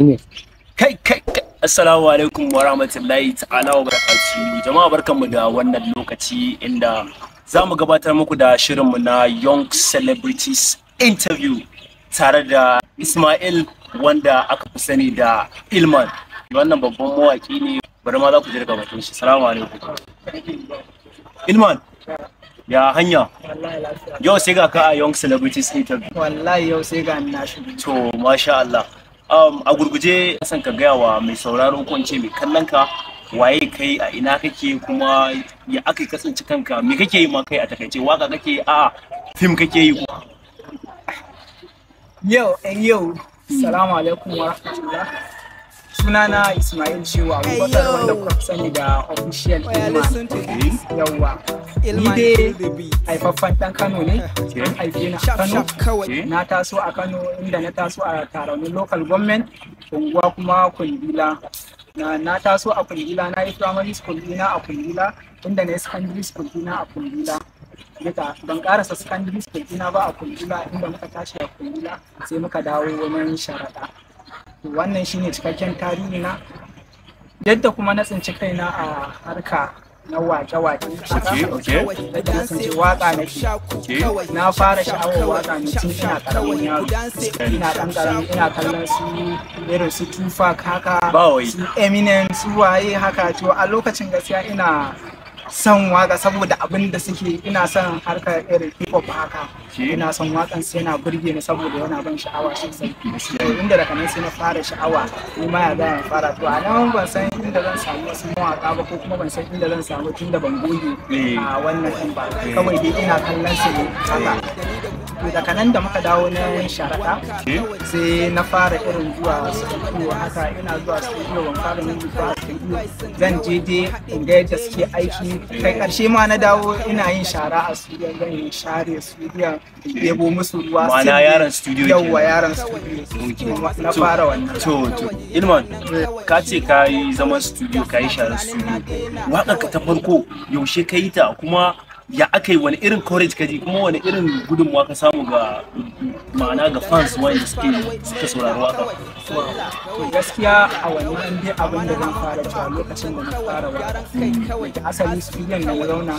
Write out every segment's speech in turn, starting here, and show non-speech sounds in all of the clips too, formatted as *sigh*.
kai kai assalamu alaikum wa rahmatullahi ta'ala wa barakatuhu jama'a barkanmu da wannan lokaci inda za mu gabatar muku da shirinmu na young celebrities interview tare da ismail wanda aka fi sani da ilman wannan babban mawaki ne bari ma za ku ji daga bakin shi assalamu alaikum ilman ya hanya yau sai ga ka a young celebrities interview wallahi yau sai ga na shi to masha Allah um, a gurguje san ka gaya wa mai sauraro ko ce mai kallon ka waye kai a ina kake kuma ya aka kasance kanka me kake yi ma kai a takaice waka kake a fim kake yi yau eh, yau salamu alaikum wa rahmatullah sunana Ismail Shehu Abubakar wanda kuka sani da official Ilman. Eh? Yawwa. Ni dai haifaffan dan Kano ne, eh. an haife a Kano, eh? na taso a Kano inda na taso a taronin local government, unguwa kuma Kundila. Na, taso a Kundila, na yi primary school ɗina a Kundila, inda na yi secondary school ɗina a Kundila. duka ban karasa secondary school ɗina ba a Kundila inda muka tashi a Kundila sai muka dawo wani sharaɗa. wannan shine cikakken tarihi na yadda kuma na tsinci kaina a harka na wake-wake da na tsinci waka nake na fara sha'awar waka ne tun ina karamin yaro ina dan karamin ina kallon su irin su tufa haka su eminem su waye haka to a lokacin gaskiya ina son waka saboda abin da suke ina son harkar irin hip hop haka ina son wakan sai na burge ni saboda yana ban sha'awa sosai eh, inda daga nan sai na fara sha'awa ni ma ya zan fara to a nan ban san inda zan samu wasu mawaka ba ko kuma ban san inda zan samu tunda ban goge eh. a wannan din ba eh. kawai dai ina kallon su ne haka daga nan da muka dawo na sharaka sai na fara irin zuwa ko haka ina zuwa studio ban fara yin ba zan je dai in ga yadda suke aiki kai karshe ma na dawo ina yin shara a studio zan yi share studio yabo musu ruwa ma'ana yaran studio yaran studio na fara wannan to to ilman ka ce ka yi zaman studio ka yi sharar studio waƙar ka ta farko yaushe ka yi ta kuma ya aka yi wani irin courage kaji kuma wani irin gudunmawa ka samu ga ma'ana ga fans wanda suke suka saurari waka to gaskiya a wani dan abin da zan fara cewa lokacin da na fara waka da asali su studiyon na zauna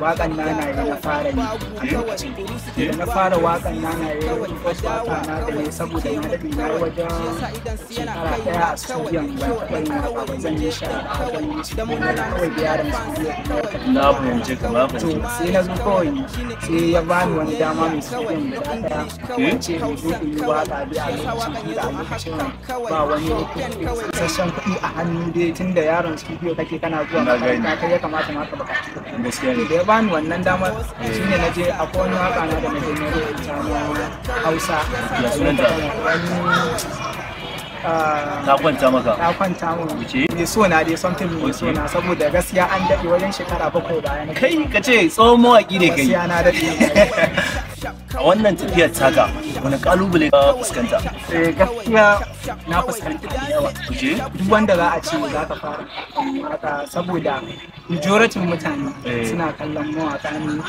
wakan na na yi na fara yi a lokacin da na fara wakan na na yi wata waka na da ne saboda na daɗe na wajen shekara ɗaya a studiyon ba wani na zan yi shara a wajen kawai da yaran studiyon na fahimci ka na fahimci sai na zo kawai sai ya bani wani dama mai sukun da ta ce mai bukin yi waka bi a lokacin da a lokacin ba wani sassan kuɗi a hannu dai tun da yaron studio kake kana zuwa makaranta kai ya kamata ma ka bukaci da ya bani wannan damar eh. ne na je a wani waka na da na je na a hausa wani Ah, ta kwanta maka ta kwanta mu wuce me so na dai something ne so na saboda gaskiya an dade wajen shekara bakwai bayan kai kace tsohon mawaki ne kai gaskiya na dade *laughs* a wannan tafiyar taga wani kalubale ga fuskanta eh, gaskiya na fuskanci da yawa kuje duk wanda za a ce za ka fara mata saboda majority mutane eh. suna kallon mawaka ne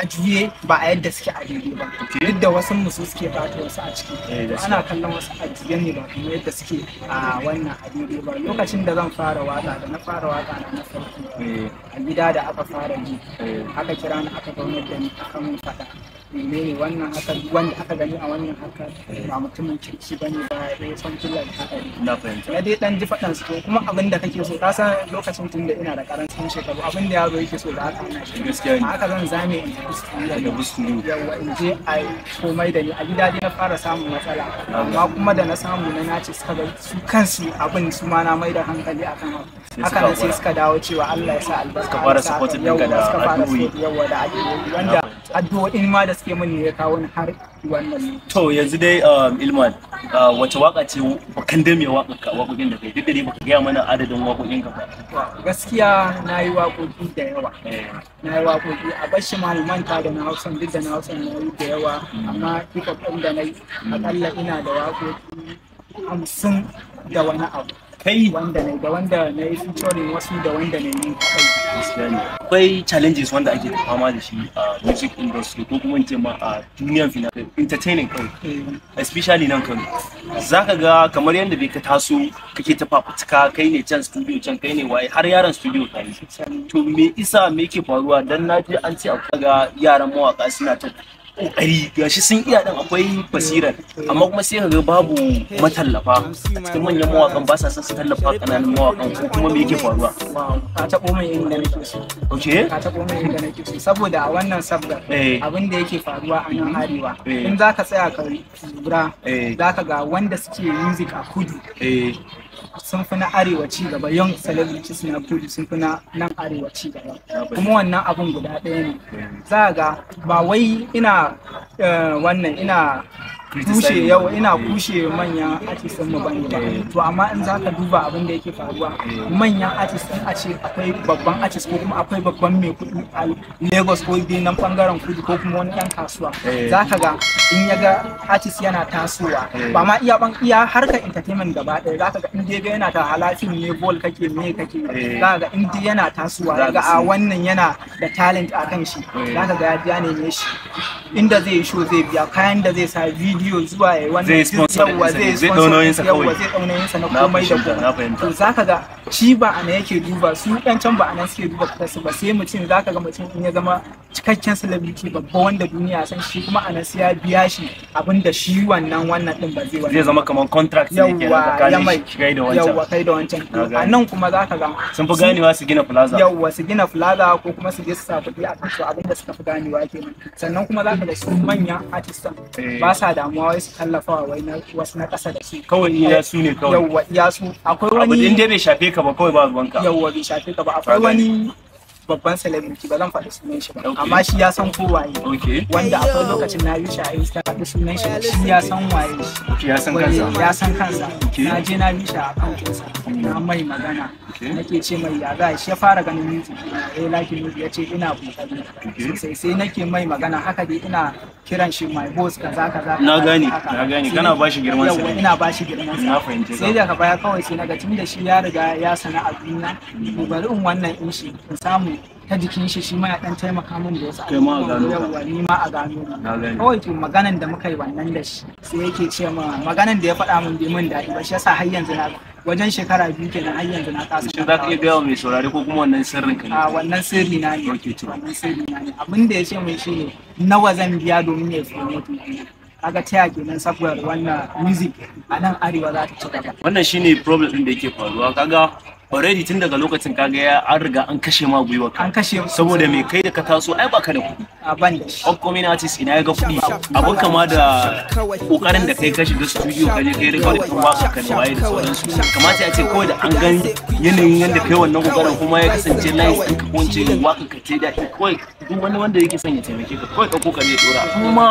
a juye ba a yadda suke a daidai ba duk da wasu musu suke fata wasu a ciki eh, ana kallon wasu a juye ne ba kuma yadda suke a wannan a daidai ba lokacin da zan fara waka da na fara waka na na farko a gida da aka fara ji aka kira ni aka zaunar da ni aka mun fada menene wannan haka wanda aka gani a wannan haka ba mutumin kirki ba ne ba ya san kullum haɗari na dai dan ji faɗan su kuma abin da kake so ka san lokacin tun da ina da karancin shekaru abin da yaro yake so da haka ana shi gaskiya ne haka zan zame in ji kuskure da yawa in je a komai da ni a gida dai na fara samun matsala amma kuma da na samu na nace suka ga su kansu abin su ma na mai da hankali akan haka nan sai suka dawo cewa Allah ya sa albarka suka fara supporting ɗinka da addu'o'i yawa da addu'o'i wanda addu'o'in ma da suke mani ya kawo ni har wannan. To yanzu dai um, Ilman uh, wace waka ce bakan da mai waka wakokin da kai duk da dai baka gaya mana adadin wakokin ka Gaskiya na yi wakoki da yawa. Eh. Na yi wakoki a bashi manta da na Hausa duk da na Hausa na yi da yawa amma duk da na yi akalla ina da wakoki hamsin da wani abu. kai wanda ne da wanda na yi featuring wasu da wanda ne ni akwai challenges wanda ake fama da shi a music industry ko kuma ce ma a duniyar fina entertaining kawai eh. especially nan kano zaka ga kamar yadda bai ka taso kake ta fafutuka kai ne can studio can kai ne waye har yaran studio ka yi to me isa me ke faruwa dan na ji an ce akwai ga yaran mawaka suna ta kokari gashi sun iya din akwai basirar amma kuma sai kaga babu matallafa a cikin manyan mawakan ba sa son su tallafa kananan mawakan ko kuma me yake faruwa ka tabo mai inda nake so okay ka tabo mai inda nake so saboda a wannan sabgar eh. abin da yake faruwa a nan arewa eh. in zaka tsaya ka lura eh. zaka ga wanda suke music a kudu sun fi na arewaci gaba yan celebrity suna kudu sun fi na nan arewaci gaba kuma wannan abun guda ɗaya ne za ga ba wai ina eh, wannan ina kushe yau ina eh. kushe manyan artistan mu bani ba. Eh. to amma in zaka duba abin da yake faruwa eh. manyan artist din a ce akwai babban artist ko kuma akwai babban mai kuɗi. a Lagos ko dai nan bangaren kudi ko kuma wani dan kasuwa zaka ga in ya ga artist yana tasowa ba ma iya ban iya harkar entertainment gaba ɗaya zaka ga in dai ga yana ta halafin ne ball kake me kake zaka ga in dai yana tasowa zaka a wannan yana da talent a kan shi zaka ga ya ne shi inda zai yi show zai biya kayan da zai sa video studio zuwa ya eh, wannan yawwa zai sponsor yawwa zai ɗaunayinsa na komai da komai to zaka ga shi ba ana yake duba su ɗan can ba ana suke duba kasarsu ba sai mutum zaka ga mutum in ya zama cikakken celebrity babba wanda duniya san shi kuma ana siya biya shi da shi wannan wannan ɗin ba zai zai zama kamar contract ne kenan tsakanin kai da wancan yawwa kai da wancan a nan kuma zaka ga sun fi ganewa su gina plaza yawwa su gina plaza ko kuma su je su sa kuɗi a kan su abinda suka fi ganewa kenan sannan kuma zaka ga su manyan artistan eh. ba sa da damuwa wai su tallafa wa wai na wasu na ƙasa da su kawai iya su ne kawai yawwa ya su akwai wani abu da bai shafe ka ba kawai ba ruwanka yawwa bai shafe ka ba akwai wani babban celebrity ba zan faɗi sunan shi ba amma shi ya san ko waye wanda akwai lokacin na yi shi a insta faɗi sunan shi shi ya san waye ya san kansa ya san kansa na je na yi shi a kan sa na mai magana nake ce mai ya za shi ya fara ganin music ya laki music ya ce ina kokari sosai sai nake mai magana haka dai ina kiran shi my boss kaza kaza na gane na gane kana ba shi girman sa ina ba shi girman sa na fahimce sai daga baya kawai sai naga tun da shi ya riga ya sana a duniya bari in wannan in shi in samu ta jikin shi shi ma ya dan taimaka min da wasu a abubuwa ni ma a gano kawai to maganan da muka yi wannan da shi sai yake ce ma maganan da ya faɗa min bai mun daɗi ba shi yasa har yanzu na wajen shekara biyu kenan har yanzu na kasa shi za ka iya gaya mai saurari ko kuma wannan sirrin ka ne a wannan sirri na ne wannan sirri na ne abin da ya ce mun shi ne nawa zan biya domin ya promote kaga ta yake nan saboda wannan music a nan arewa za ta ci gaba wannan shine problem din da yake faruwa kaga already tun daga lokacin kaga ya an riga an kashe ma gwiwa an kashe saboda me kai da ka taso ai baka da kuɗi a bani upcoming artist ina ya ga kuɗi abun kama da kokarin da kai kashi da studio ka je kai record din ba ka da waye da sauransu kamata ya ce kawai da an gan yanayin yanda kai wannan kokarin kuma ya kasance nan in ka kunce waka ka ce da kawai duk wani wanda yake son ya taimake ka kawai ka kokari ya dora kuma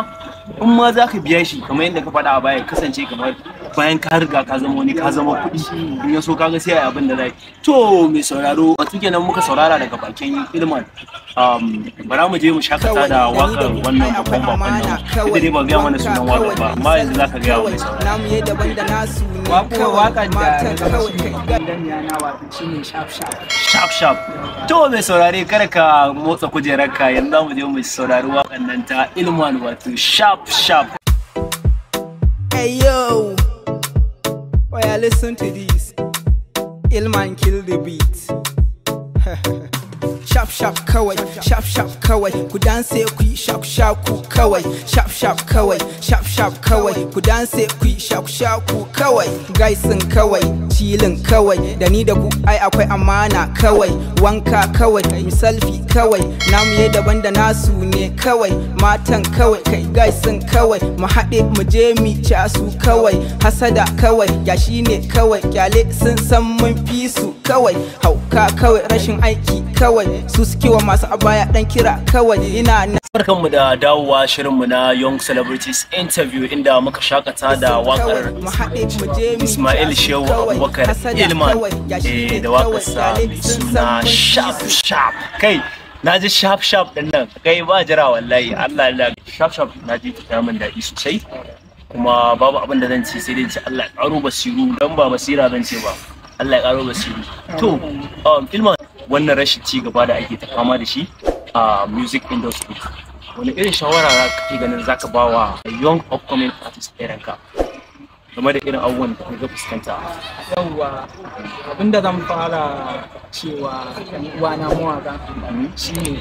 in ma za ka biya shi kamar yadda ka faɗa a baya kasance kamar bayan ka riga ka zama wani ka zama kuɗi in ya so kaga sai abin da zai to mai sauraro a tuke nan muka saurara daga bakin ilman um, bara mu je mu shakata da wakar wannan babban babban nan ita dai ba biya mana sunan wakar ba amma yanzu za ka gaya wa mai sauraro namu ya daban da nasu ne wakar da dan yana na shi ne sharp sharp sharp sharp to mai saurare kada ka motsa kujerar ka. yanzu za mu je mu saurari wakar nan ta ilman wato sharp sharp Yeah, listen to this. man kill the beat. *laughs* shop shop kawai shop shop kawai ku danse ku yi shaku shaku kawai shop shop kawai shop shop kawai ku danse ku yi shaku shaku kawai gaisin kawai cilin kawai da ni da ku ai akwai amana kawai wanka kawai misalfi kawai namu ya daban da nasu ne kawai matan kawai kai gaisin kawai mu haɗe mu je mi casu kawai hasada kawai yashi shine kawai kyale sun san mun fi su kawai hauka kawai rashin aiki kawai su suke wa masu abaya dan kira kawai ina mu da dawowa shirinmu na young celebrities interview inda muka shakata da wakar ismail shehu abubakar ilman eh, da wakar mai suna sharp sharp kai na ji sharp sharp din nan kai ba jira wallahi allah ya sharp sharp na ji ta min daɗi sosai kuma babu abin da zan ce sai dai allah ya karo basiru don ba basira zan ce ba allah ya karo basiru to um, ilman wannan rashin ci gaba da ake ta fama da shi a music industry wani irin shawara za kake ganin Zaka ka ba wa young upcoming artist irin ka game da irin abubuwan da kuka fuskanta abin abinda zan fara cewa uwa na mawaka shine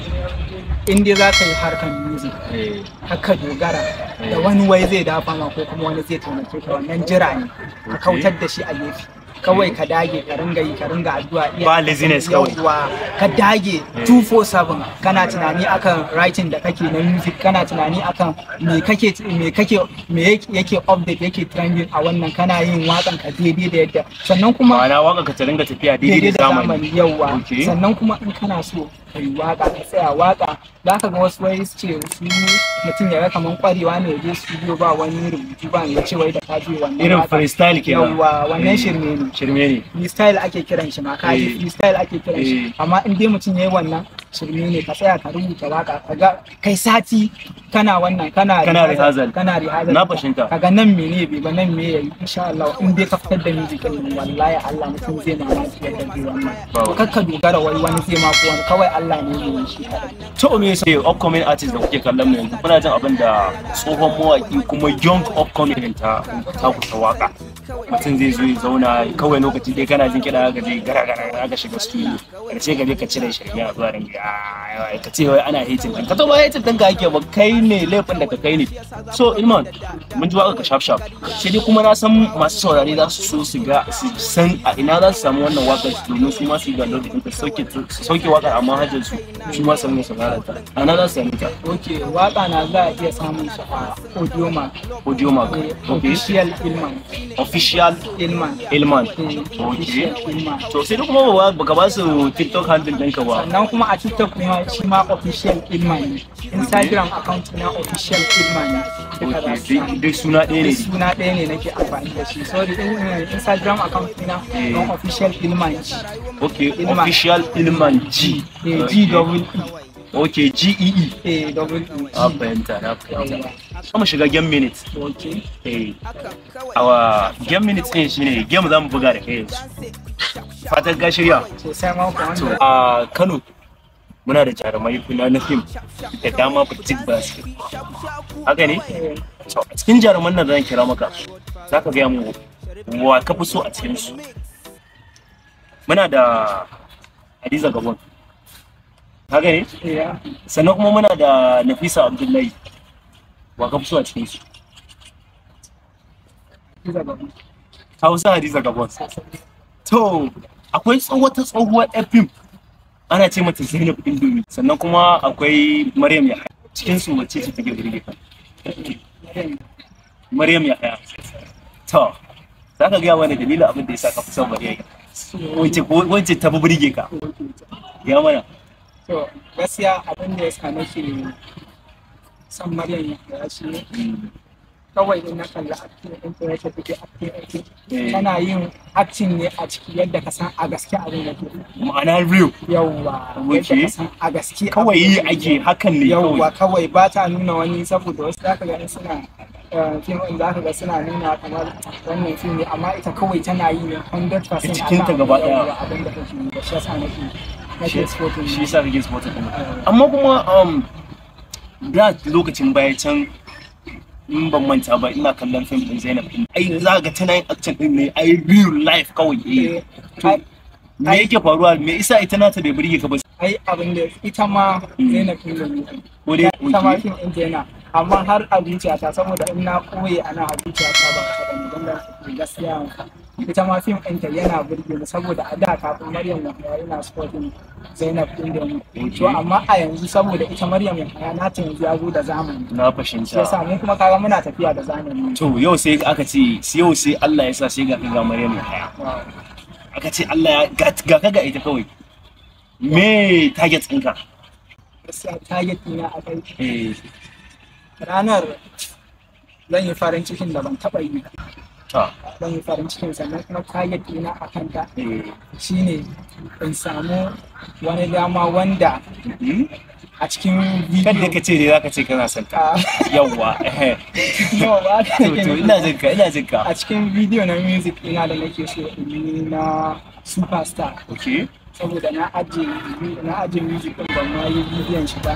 in dai za ka yi harkar music eh. haka dogara da eh. wani wai zai dafa ma ko kuma wani zai taimake ka wannan jira ne ka kautar da shi a gefe kawai ka dage ka ringa yi ka ringa addu'a ba laziness kawai ka dage 247 kana tunani akan writing da kake na music kana tunani akan me kake me kake me yake update yake trending a wannan kana yin wakan ka daidai da yadda sannan kuma ana waka ka ta ringa tafiya daidai da zamani yawa sannan kuma in kana so ka yi waka ka tsaya waka za ka ga wasu wai ce su mutum ya kaman kwarewa ne ya je studio ba wani rubutu ba ya ce wai da ka je wannan irin freestyle kenan yawa wannan eh. shirme ne shirme ne freestyle ake kiran shi ma ka ji eh. freestyle ake kiran shi eh. amma in dai mutum ya yi wannan shirme ne ka tsaya ka rubuta waka ga kai sati kana wannan kana kana rehearsal kana rehearsal na fashinta kaga nan mene bai ba nan me yayi insha Allah in dai ka fitar da music din wallahi Allah mutum zai na mamaki yadda zai wannan Ka dogara wai wani zai ma wani kawai Allah ne ne shi to me sai upcoming artist da kuke kallon mu yanzu kuna jin abin da tsohon mawaki kuma young upcoming ta ta kusa waka mutum zai zo ya zauna kawai lokaci dai kana jin kiɗa ga zai gara gara ga shiga studio karshe ka je ka cire shirme a zuwa ringa ah, ka ce wai ana hating ɗin ka to ba hating ɗin tanka ake ba kai ne laifin da ka kai ne so ilman mun ji waka ka shaf shaf sai dai kuma na san masu saurare za su so su ga su san a ina za su samu wannan wakar domin su ma su ga da ɗin su sauke wakar amma hajjin su su ma samu gara ta a na za su sami ta. ok waka na za a iya samun shi a audio mark. audio mark eh, ok official ilman. official ilman ilman to sai kuma ba ka ba su tiktok handle ɗinka ba sannan kuma a tiktok kuma shi ma official ilman ne instagram account na official ilman ne duk suna ɗaya ne suna ɗaya ne nake amfani da shi so eh, instagram account na eh. official ilman ji okay official ilman ji eh, g double e okay g e e double e a fahimta na fahimta kuma shiga game minutes okay eh awa game minutes din shine game zamu buga da kai yanzu fatan ga shirya sosai ma ku a Kano muna da jarumai kula na fim da dama boutique basket haka ne to cikin jaruman nan zan kira maka zaka ga mu wa ka fi so a cikin su muna da Hadiza Gabon haka ne sannan kuma muna da Nafisa Abdullahi wa ka so a cikin su Hausa Hadiza Gabon to akwai wata tsohuwar fim ana ce mata Zainab Indomi sannan kuma akwai Maryam Yahaya cikin su wacce ce take burge ka Maryam haya. to za ka gaya wani dalilin abin da ya sa ka fi son Maryam wacce wacce ta fi burge ka ya mana to gaskiya abin da ya sa nake san maryam ya ce kawai ina na kalli acting din ta yadda take acting acting tana yin acting ne a ciki yadda ka san a gaske abin da ke ma'ana real yawwa yadda ka san a gaske kawai yi ake hakan ne yawwa kawai ba ta nuna wani saboda wasu zaka ga suna eh, fim zaka ga suna nuna kamar wannan fim ne amma ita kawai tana yi ne 100% cikin ta gaba ɗaya. abin da yi da shi yasa nake nake sporting shi yasa kake sporting eh. amma kuma um, da lokacin baya can in ban manta ba ina kallon fim din Zainab din ai za ga tana yin action din ne ai real life kawai eh to me yake faruwa me isa ita nata bai burge ka ba ai abin da ita ma hmm. Zainab din ne ko dai ita ma fim din Zainab amma har a zuciyata saboda in na koye ana a zuciyata ba ta da don da gaskiya ita ma fim ɗinta yana burge mu, saboda a da kafin Maryam Yahaya ina sporting Zainab din da mu. to mm-hmm. amma a yanzu saboda ita Maryam Yahaya na ta yanzu ya zo da zamani na fahimta yasa mu kuma kaga muna tafiya da zamani to yau sai aka ce yau sai Allah ya sa sai ga ga Maryam Yahaya aka ce Allah ya ga ka ga ita kawai me target ɗinka gaskiya target ɗina akai eh. ranar zan yi farin cikin da ban taɓa yi ah. zan yi farin cikin sannan kuma target ina a kanta mm. shine in samu wani dama wanda mm-hmm. a cikin video. Kan da ka ce dai zaka ce kana son ka ah. yawwa yawwa eh. to ina jin ka ina jin ka a cikin video na music ina da nake so in yi na superstar okay saboda na ajiye na ajiye music din ban ma yi bidiyon shi ba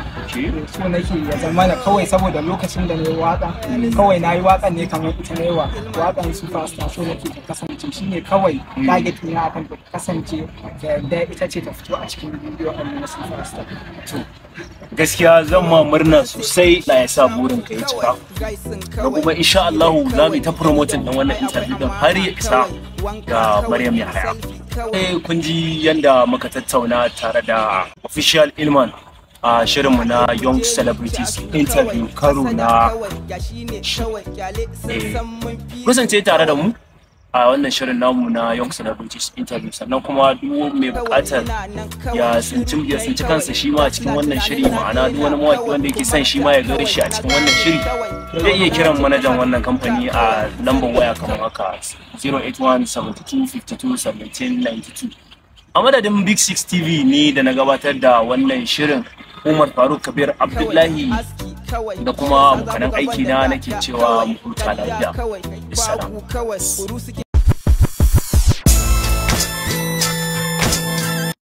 so nake ya zama na kawai saboda lokacin da na yi waka kawai na yi ne kamar ita na yawa su superstar so nake ta kasance shine kawai mm. target ne akan ta kasance da yadda ita ce ta fito a cikin bidiyo a na superstar gaskiya zan ma murna sosai da ya sa burin ka ya cika da kuma insha Allah za mu ta promoting din wannan interview din har ya isa ga Maryam Yahaya kawai. Eh, kun ji yadda muka tattauna tare da official Ilman a shirinmu na Young Celebrities Interview karo na. Eh, Kusance tare da mu. a wannan shirin namu na young celebrities interview sannan kuma duk mai bukatar ya tsinci kansa shi ma a cikin wannan shiri ma'ana duk wani mawaki wanda yake son shi ma ya gare shi a cikin wannan shiri zai iya kiran manajan wannan kamfani a lambar waya kamar haka 081-7252-1792 a madadin big six tv ne da na gabatar da wannan shirin umar faruk kabir abdullahi da kuma abokanan aiki na nake cewa mu huta lafiya.